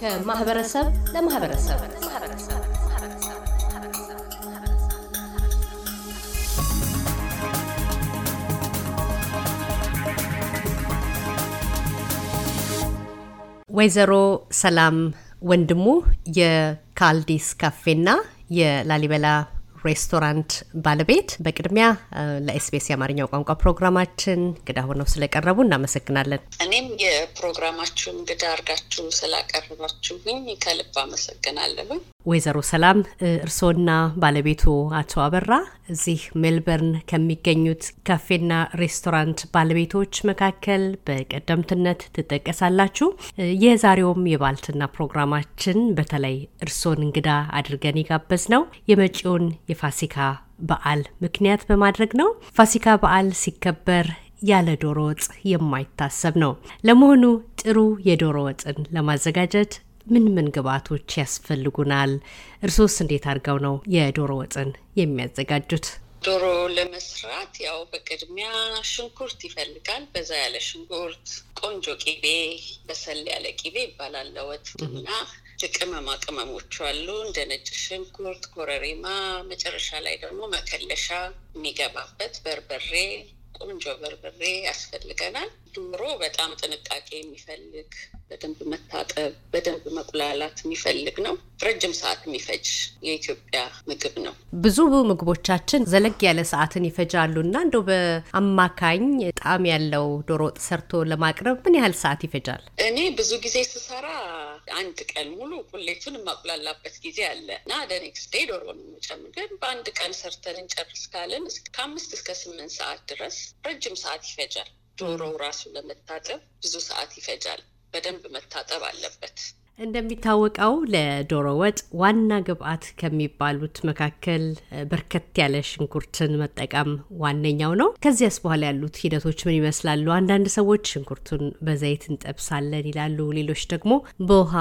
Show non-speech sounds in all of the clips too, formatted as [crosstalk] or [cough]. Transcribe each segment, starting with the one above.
ከማህበረሰብ ለማህበረሰብ ወይዘሮ ሰላም ወንድሙ የካልዲስ ካፌና የላሊበላ ሬስቶራንት ባለቤት፣ በቅድሚያ ለኤስቢኤስ የአማርኛው ቋንቋ ፕሮግራማችን እንግዳ ሆነው ስለቀረቡ እናመሰግናለን። እኔም የፕሮግራማችሁ እንግዳ አድርጋችሁ ስላቀረባችሁኝ ከልብ አመሰግናለሁ። ወይዘሮ ሰላም እርስዎና ባለቤቱ አቶ አበራ እዚህ ሜልበርን ከሚገኙት ካፌና ሬስቶራንት ባለቤቶች መካከል በቀደምትነት ትጠቀሳላችሁ። የዛሬውም የባልትና ፕሮግራማችን በተለይ እርስዎን እንግዳ አድርገን የጋበዝ ነው የመጪውን የፋሲካ በዓል ምክንያት በማድረግ ነው። ፋሲካ በዓል ሲከበር ያለ ዶሮ ወጥ የማይታሰብ ነው። ለመሆኑ ጥሩ የዶሮ ወጥን ለማዘጋጀት ምን ምን ግብዓቶች ያስፈልጉናል? እርሶስ እንዴት አድርገው ነው የዶሮ ወጥን የሚያዘጋጁት? ዶሮ ለመስራት ያው በቅድሚያ ሽንኩርት ይፈልጋል። በዛ ያለ ሽንኩርት፣ ቆንጆ ቂቤ፣ በሰል ያለ ቂቤ ይባላል ለወጥ እና ቅመማ ቅመሞች አሉ እንደ ነጭ ሽንኩርት፣ ኮረሪማ፣ መጨረሻ ላይ ደግሞ መከለሻ የሚገባበት በርበሬ፣ ቆንጆ በርበሬ ያስፈልገናል። ዶሮ በጣም ጥንቃቄ የሚፈልግ በደንብ መታጠብ፣ በደንብ መቁላላት የሚፈልግ ነው። ረጅም ሰዓት የሚፈጅ የኢትዮጵያ ምግብ ነው። ብዙ ምግቦቻችን ዘለግ ያለ ሰዓትን ይፈጃሉ እና እንደው በአማካኝ ጣዕም ያለው ዶሮ ወጥ ሰርቶ ለማቅረብ ምን ያህል ሰዓት ይፈጃል? እኔ ብዙ ጊዜ ስሰራ አንድ ቀን ሙሉ ቁሌቱን የማቁላላበት ጊዜ አለ እና ደኔክስት ዴይ ዶሮ ነው የምጨምር። ግን በአንድ ቀን ሰርተን እንጨርስ ካለን ከአምስት እስከ ስምንት ሰዓት ድረስ ረጅም ሰዓት ይፈጃል። ዶሮው ራሱን ለመታጠብ ብዙ ሰዓት ይፈጃል። በደንብ መታጠብ አለበት። እንደሚታወቀው ለዶሮ ወጥ ዋና ግብአት ከሚባሉት መካከል በርከት ያለ ሽንኩርትን መጠቀም ዋነኛው ነው። ከዚያስ በኋላ ያሉት ሂደቶች ምን ይመስላሉ? አንዳንድ ሰዎች ሽንኩርቱን በዘይት እንጠብሳለን ይላሉ፣ ሌሎች ደግሞ በውሃ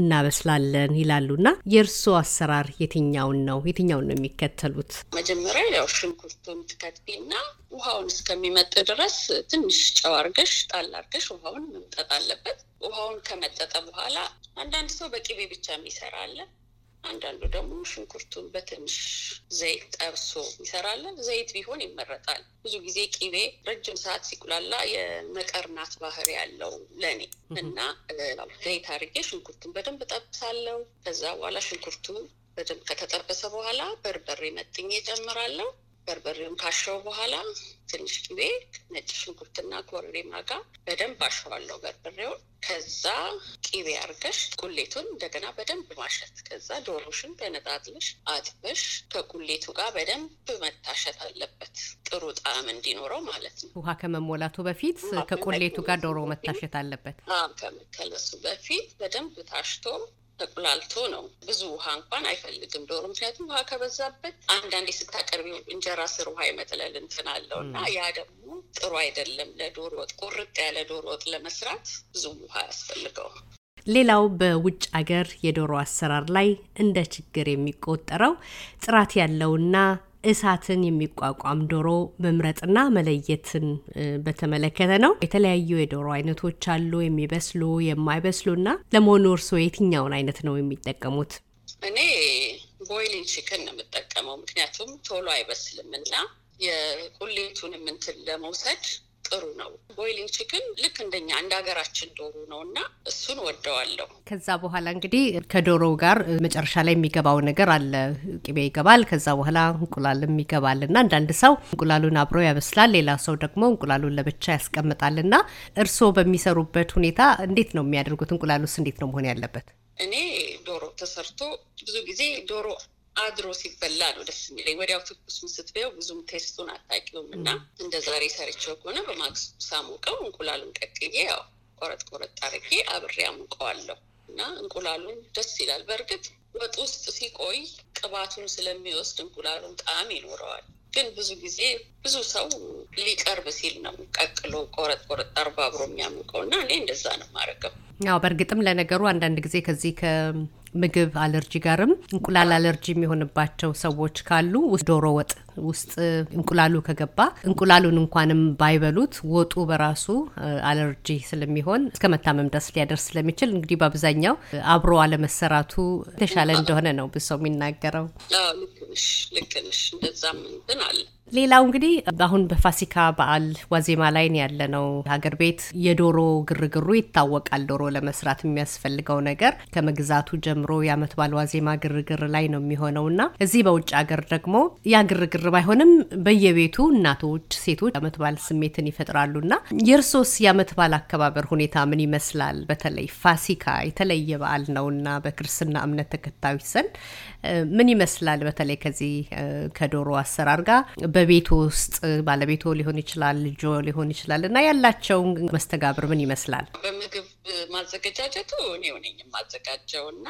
እናበስላለን ይላሉና የእርስዎ አሰራር የትኛውን ነው የትኛውን ነው የሚከተሉት? መጀመሪያ ያው ሽንኩርቱን ትከትፊና ውሃውን እስከሚመጥ ድረስ ትንሽ ጨው አርገሽ ጣል አርገሽ ውሃውን መምጠጥ አለበት። ውሃውን ከመጠጠ በኋላ አንዳንድ ሰው በቅቤ ብቻ የሚሰራለ፣ አንዳንዱ ደግሞ ሽንኩርቱን በትንሽ ዘይት ጠብሶ ይሰራለን። ዘይት ቢሆን ይመረጣል። ብዙ ጊዜ ቅቤ ረጅም ሰዓት ሲቁላላ የመቀርናት ባህሪ ያለው ለኔ እና ዘይት አድርጌ ሽንኩርቱን በደንብ ጠብሳለው። ከዛ በኋላ ሽንኩርቱ በደንብ ከተጠበሰ በኋላ በርበሬ መጥኜ ጨምራለሁ። በርበሬውን ካሸው በኋላ ትንሽ ቅቤ፣ ነጭ ሽንኩርትና ኮረሪማ ጋር በደንብ አሸዋለሁ በርበሬውን። ከዛ ቅቤ አርገሽ ቁሌቱን እንደገና በደንብ ማሸት። ከዛ ዶሮሽን በነጣጥልሽ አጥበሽ ከቁሌቱ ጋር በደንብ መታሸት አለበት፣ ጥሩ ጣዕም እንዲኖረው ማለት ነው። ውሃ ከመሞላቱ በፊት ከቁሌቱ ጋር ዶሮ መታሸት አለበት። ከመከለሱ በፊት በደንብ ታሽቶ ተቁላልቶ ነው። ብዙ ውሃ እንኳን አይፈልግም ዶሮ። ምክንያቱም ውሃ ከበዛበት አንዳንዴ ስታቀርቢው እንጀራ ስር ውሃ ይመጥለል እንትን አለው እና ያ ደግሞ ጥሩ አይደለም ለዶሮ ወጥ። ቁርጥ ያለ ዶሮ ወጥ ለመስራት ብዙ ውሃ ያስፈልገው። ሌላው በውጭ አገር የዶሮ አሰራር ላይ እንደ ችግር የሚቆጠረው ጥራት ያለውና እሳትን የሚቋቋም ዶሮ መምረጥና መለየትን በተመለከተ ነው። የተለያዩ የዶሮ አይነቶች አሉ፣ የሚበስሉ የማይበስሉና። ለመሆኑ እርስዎ የትኛውን አይነት ነው የሚጠቀሙት? እኔ ቦይሊንግ ቺክን ነው የምጠቀመው፣ ምክንያቱም ቶሎ አይበስልም እና የቁሌቱን እንትን ለመውሰድ ጥሩ ነው። ቦይሊንግ ቺክን ልክ እንደኛ እንደ ሀገራችን ዶሮ ነው እና እሱን ወደዋለሁ። ከዛ በኋላ እንግዲህ ከዶሮ ጋር መጨረሻ ላይ የሚገባው ነገር አለ። ቅቤ ይገባል። ከዛ በኋላ እንቁላልም ይገባል እና አንዳንድ ሰው እንቁላሉን አብሮ ያበስላል፣ ሌላ ሰው ደግሞ እንቁላሉን ለብቻ ያስቀምጣል። እና እርስዎ በሚሰሩበት ሁኔታ እንዴት ነው የሚያደርጉት? እንቁላሉስ እንዴት ነው መሆን ያለበት? እኔ ዶሮ ተሰርቶ ብዙ ጊዜ ዶሮ አድሮ ሲበላ ነው ደስ የሚለኝ። ወዲያው ትኩሱን ስትበው ብዙም ቴስቱን አታውቂውም እና እንደ ዛሬ ሰርቼው ከሆነ በማግስቱ ሳሞቀው እንቁላሉን ቀቅዬ ያው ቆረጥ ቆረጥ አድርጌ አብሬ አሙቀዋለሁ እና እንቁላሉን ደስ ይላል። በእርግጥ ወጥ ውስጥ ሲቆይ ቅባቱን ስለሚወስድ እንቁላሉን ጣዕም ይኖረዋል። ግን ብዙ ጊዜ ብዙ ሰው ሊቀርብ ሲል ነው ቀቅሎ ቆረጥ ቆረጥ አርባ አብሮ የሚያሙቀው እና እኔ እንደዛ ነው ማረገው። ያው በእርግጥም ለነገሩ አንዳንድ ጊዜ ከዚህ ምግብ አለርጂ ጋርም እንቁላል አለርጂ የሚሆንባቸው ሰዎች ካሉ ዶሮ ወጥ ውስጥ እንቁላሉ ከገባ እንቁላሉን እንኳንም ባይበሉት ወጡ በራሱ አለርጂ ስለሚሆን እስከ መታመም ደስ ሊያደርስ ስለሚችል እንግዲህ በአብዛኛው አብሮ አለመሰራቱ የተሻለ እንደሆነ ነው ብሰው የሚናገረው። ልክ ነሽ፣ ልክ ነሽ። እንደዛም እንትን አለ ሌላው እንግዲህ አሁን በፋሲካ በዓል ዋዜማ ላይ ያለ ነው። ሀገር ቤት የዶሮ ግርግሩ ይታወቃል። ዶሮ ለመስራት የሚያስፈልገው ነገር ከመግዛቱ ጀምሮ የአመት በዓል ዋዜማ ግርግር ላይ ነው የሚሆነው እና እዚህ በውጭ ሀገር ደግሞ ያ ግርግር ባይሆንም በየቤቱ እናቶች፣ ሴቶች የዓመት በዓል ስሜትን ይፈጥራሉ እና የእርሶስ የአመት በዓል አከባበር ሁኔታ ምን ይመስላል? በተለይ ፋሲካ የተለየ በዓል ነውና በክርስትና እምነት ተከታዮች ዘንድ ምን ይመስላል? በተለይ ከዚህ ከዶሮ አሰራር ጋር በቤቱ ውስጥ ባለቤቶ ሊሆን ይችላል፣ ልጆ ሊሆን ይችላል እና ያላቸውን መስተጋብር ምን ይመስላል? በምግብ ማዘገጃጀቱ እኔው የማዘጋጀው እና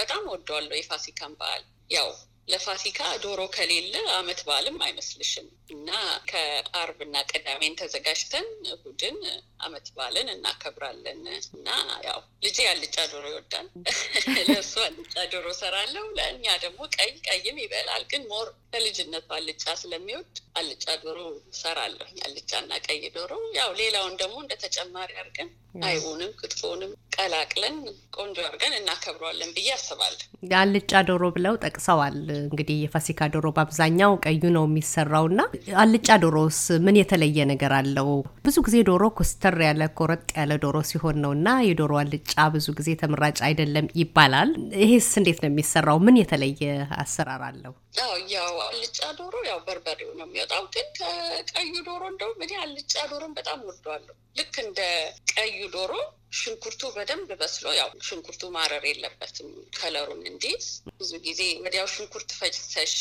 በጣም ወደዋለሁ የፋሲካን በዓል ያው ለፋሲካ ዶሮ ከሌለ አመት በዓልም አይመስልሽም እና ከአርብና ቅዳሜን ተዘጋጅተን ቡድን አመት በዓልን እናከብራለን። እና ያው ልጄ አልጫ ዶሮ ይወዳል። [laughs] ለእሱ አልጫ ዶሮ ሰራለሁ፣ ለእኛ ደግሞ ቀይ ቀይም ይበላል። ግን ሞር ከልጅነቱ አልጫ ስለሚወድ አልጫ ዶሮ ሰራለሁ፣ አልጫና ቀይ ዶሮ። ያው ሌላውን ደግሞ እንደ ተጨማሪ አድርገን አይቡንም ክትፎንም ቀላቅለን ቆንጆ አድርገን እናከብረዋለን ብዬ አስባለሁ። የአልጫ ዶሮ ብለው ጠቅሰዋል እንግዲህ የፋሲካ ዶሮ በአብዛኛው ቀዩ ነው የሚሰራው እና አልጫ ዶሮስ ምን የተለየ ነገር አለው? ብዙ ጊዜ ዶሮ ኮስተር ያለ ኮረጥ ያለ ዶሮ ሲሆን ነው እና የዶሮ አልጫ ብዙ ጊዜ ተመራጭ አይደለም ይባላል። ይሄስ እንዴት ነው የሚሰራው? ምን የተለየ አሰራር አለው? ያው አልጫ ዶሮ ያው በርበሬው ነው የሚወጣው። ግን ከቀዩ ዶሮ እንደውም እኔ አልጫ ዶሮን በጣም ወዷለሁ። ልክ እንደ ቀዩ ዶሮ ሽንኩርቱ በደንብ በስሎ ያው ሽንኩርቱ ማረር የለበትም ከለሩን እንዲይዝ። ብዙ ጊዜ ወዲያው ሽንኩርት ፈጭተሽ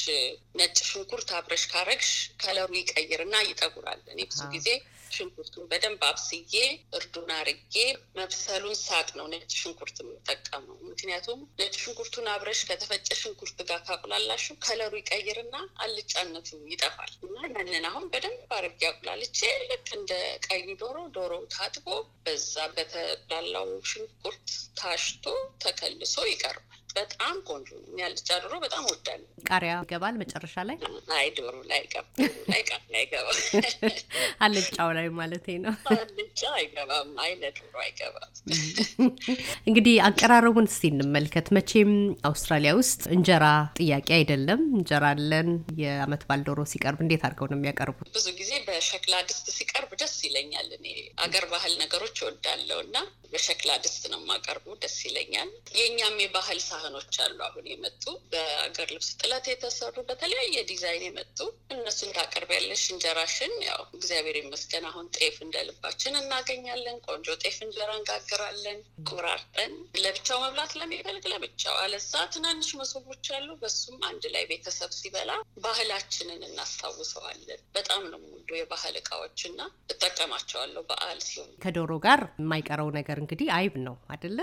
ነጭ ሽንኩርት አብረሽ ካረግሽ ከለሩ ይቀይርና ይጠጉራል። እኔ ብዙ ጊዜ ሽንኩርቱን በደንብ አብስዬ እርዱን አርጌ መብሰሉን ሳቅ ነው ነጭ ሽንኩርት የምጠቀመው። ምክንያቱም ነጭ ሽንኩርቱን አብረሽ ከተፈጨ ሽንኩርት ጋር ካቁላላሹ ከለ ከለሩ ይቀይርና አልጫነቱ ይጠፋል እና ያንን አሁን በደንብ አድርጌ አቁላልቼ ልክ እንደ ቀይ ዶሮ ዶሮ ታጥቦ በዛ በተላላው ሽንኩርት ታሽቶ ተከልሶ ይቀርባል። በጣም ቆንጆ ነው። እኛ በጣም ወዳለ ቃሪያ ይገባል መጨረሻ ላይ? አይ ዶሮ ላይ [laughs] አልጫው ላይ ማለት ነው። አልጫ አይገባም። አይ ለዶሮ አይገባም። [laughs] እንግዲህ አቀራረቡን እስቲ እንመልከት። መቼም አውስትራሊያ ውስጥ እንጀራ ጥያቄ አይደለም። እንጀራ አለን። የአመት ባልዶሮ ዶሮ ሲቀርብ እንዴት አድርገው ነው የሚያቀርቡት? ብዙ ጊዜ በሸክላ ድስት ሲቀርብ ደስ ይለኛል። እኔ አገር ባህል ነገሮች እወዳለሁ እና በሸክላ ድስት ነው የማቀርቡ። ደስ ይለኛል። የእኛም የባህል ሳ ካህኖች አሉ አሁን የመጡ በአገር ልብስ ጥለት የተሰሩ በተለያየ ዲዛይን የመጡ እነሱን ታቀርቢያለሽ። እንጀራሽን ያው እግዚአብሔር ይመስገን አሁን ጤፍ እንደልባችን እናገኛለን። ቆንጆ ጤፍ እንጀራ እንጋግራለን ቁራርጠን ለብቻው መብላት ለሚፈልግ ለብቻው፣ አለዛ ትናንሽ መሶቦች አሉ። በሱም አንድ ላይ ቤተሰብ ሲበላ ባህላችንን እናስታውሰዋለን። በጣም ነው ሙሉ የባህል እቃዎችና እጠቀማቸዋለሁ በአል ሲሆን ከዶሮ ጋር የማይቀረው ነገር እንግዲህ አይብ ነው አደለ?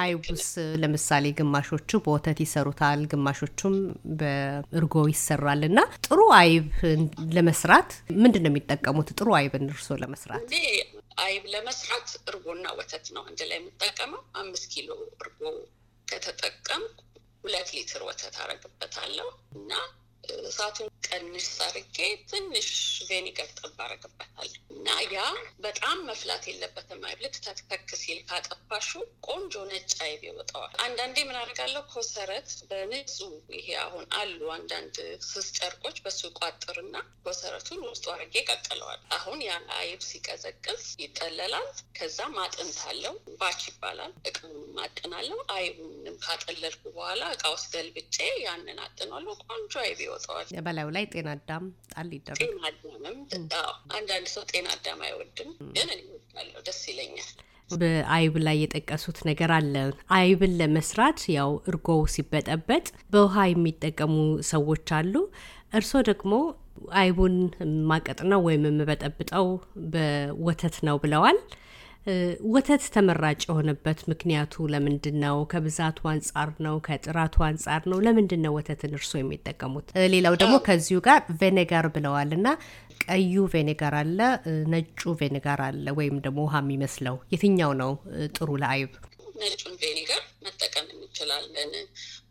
አይቡስ ለምሳሌ ለምሳሌ ግማሾቹ በወተት ይሰሩታል፣ ግማሾቹም በእርጎ ይሰራል እና ጥሩ አይብ ለመስራት ምንድን ነው የሚጠቀሙት? ጥሩ አይብ እርሶ ለመስራት አይብ ለመስራት እርጎና ወተት ነው አንድ ላይ የምጠቀመው። አምስት ኪሎ እርጎ ከተጠቀምኩ ሁለት ሊትር ወተት አረግበታለሁ እና እሳቱን ቀንስ ሰርጌ ትንሽ ቬኒገር ጠብ እና ያ በጣም መፍላት የለበትም። አይብልክ ተትከክ ሲል ካጠፋሹ ቆንጆ ነጭ አይብ ይወጣዋል። አንዳንዴ ምን አደርጋለሁ ኮሰረት በንጹህ ይሄ አሁን አሉ አንዳንድ ስስ ጨርቆች በሱ ቋጥርና ኮሰረቱን ውስጡ አድርጌ ቀቅለዋል። አሁን ያ አይብ ሲቀዘቅዝ ይጠለላል። ከዛ ማጥንት አለው ባች ይባላል። እቃውን ማጥናለው። አይቡንም ካጠለልኩ በኋላ እቃ ውስጥ ገልብጬ ያንን አጥናለሁ። ቆንጆ አይብ ይወጣዋል። ላይ ጤና አዳም ጣል ይደረግ። ጤና አዳምም አንዳንድ ሰው ጤና አዳም አይወድም፣ ግን እወዳለሁ፣ ደስ ይለኛል። በአይብ ላይ የጠቀሱት ነገር አለ። አይብን ለመስራት ያው እርጎው ሲበጠበጥ በውሃ የሚጠቀሙ ሰዎች አሉ። እርስዎ ደግሞ አይቡን ማቀጥነው ወይም የምበጠብጠው በወተት ነው ብለዋል። ወተት ተመራጭ የሆነበት ምክንያቱ ለምንድን ነው? ከብዛቱ አንጻር ነው? ከጥራቱ አንጻር ነው? ለምንድን ነው ወተትን እርስዎ የሚጠቀሙት? ሌላው ደግሞ ከዚሁ ጋር ቬኔጋር ብለዋል እና ቀዩ ቬኔጋር አለ፣ ነጩ ቬኔጋር አለ፣ ወይም ደግሞ ውሃ የሚመስለው የትኛው ነው ጥሩ ለአይብ? ነጩን ቬኔጋር መጠቀም እንችላለን።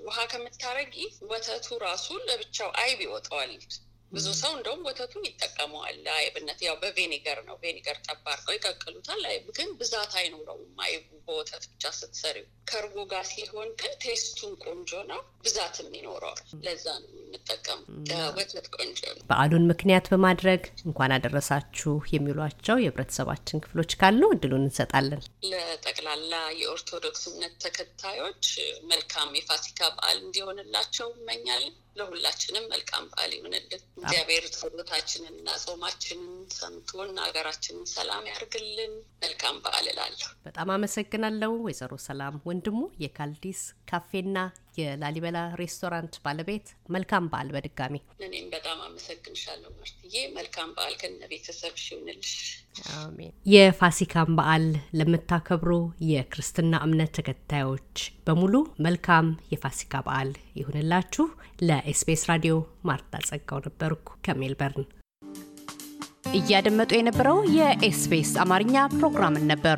ውሃ ከምታረጊ ወተቱ ራሱ ለብቻው አይብ ይወጣዋል። ብዙ ሰው እንደውም ወተቱን ይጠቀመዋል ለአይብነት። ያው በቬኒገር ነው ቬኒገር ጠብ አድርገው ይቀቅሉታል። አይብ ግን ብዛት አይኖረውም። አይቡ በወተት ብቻ ስትሰሪው ከርጎ ጋር ሲሆን ግን ቴስቱን ቆንጆ ነው፣ ብዛትም ይኖረዋል። ለዛ ነው ወተት ቆንጆ ነው። በዓሉን ምክንያት በማድረግ እንኳን አደረሳችሁ የሚሏቸው የህብረተሰባችን ክፍሎች ካሉ እድሉን እንሰጣለን። ለጠቅላላ የኦርቶዶክስ እምነት ተከታዮች መልካም የፋሲካ በዓል እንዲሆንላቸው እመኛለን። ለሁላችንም መልካም በዓል ይሆንልን እግዚአብሔር ጸሎታችንን እና ጾማችንን ሰምቶን ሀገራችንን ሰላም ያርግልን። መልካም በዓል እላለሁ። በጣም አመሰግናለሁ። ወይዘሮ ሰላም ወንድሙ የካልዲስ ካፌና የላሊበላ ሬስቶራንት ባለቤት፣ መልካም በዓል በድጋሚ እኔም በጣም አመሰግንሻለሁ ማርትዬ። መልካም በዓል ከነ ቤተሰብ ሽውንልሽ። የፋሲካን በዓል ለምታከብሩ የክርስትና እምነት ተከታዮች በሙሉ መልካም የፋሲካ በዓል ይሁንላችሁ። ለኤስቢኤስ ራዲዮ ማርታ ጸጋው ነበርኩ ከሜልበርን። እያደመጡ የነበረው የኤስቢኤስ አማርኛ ፕሮግራምን ነበር።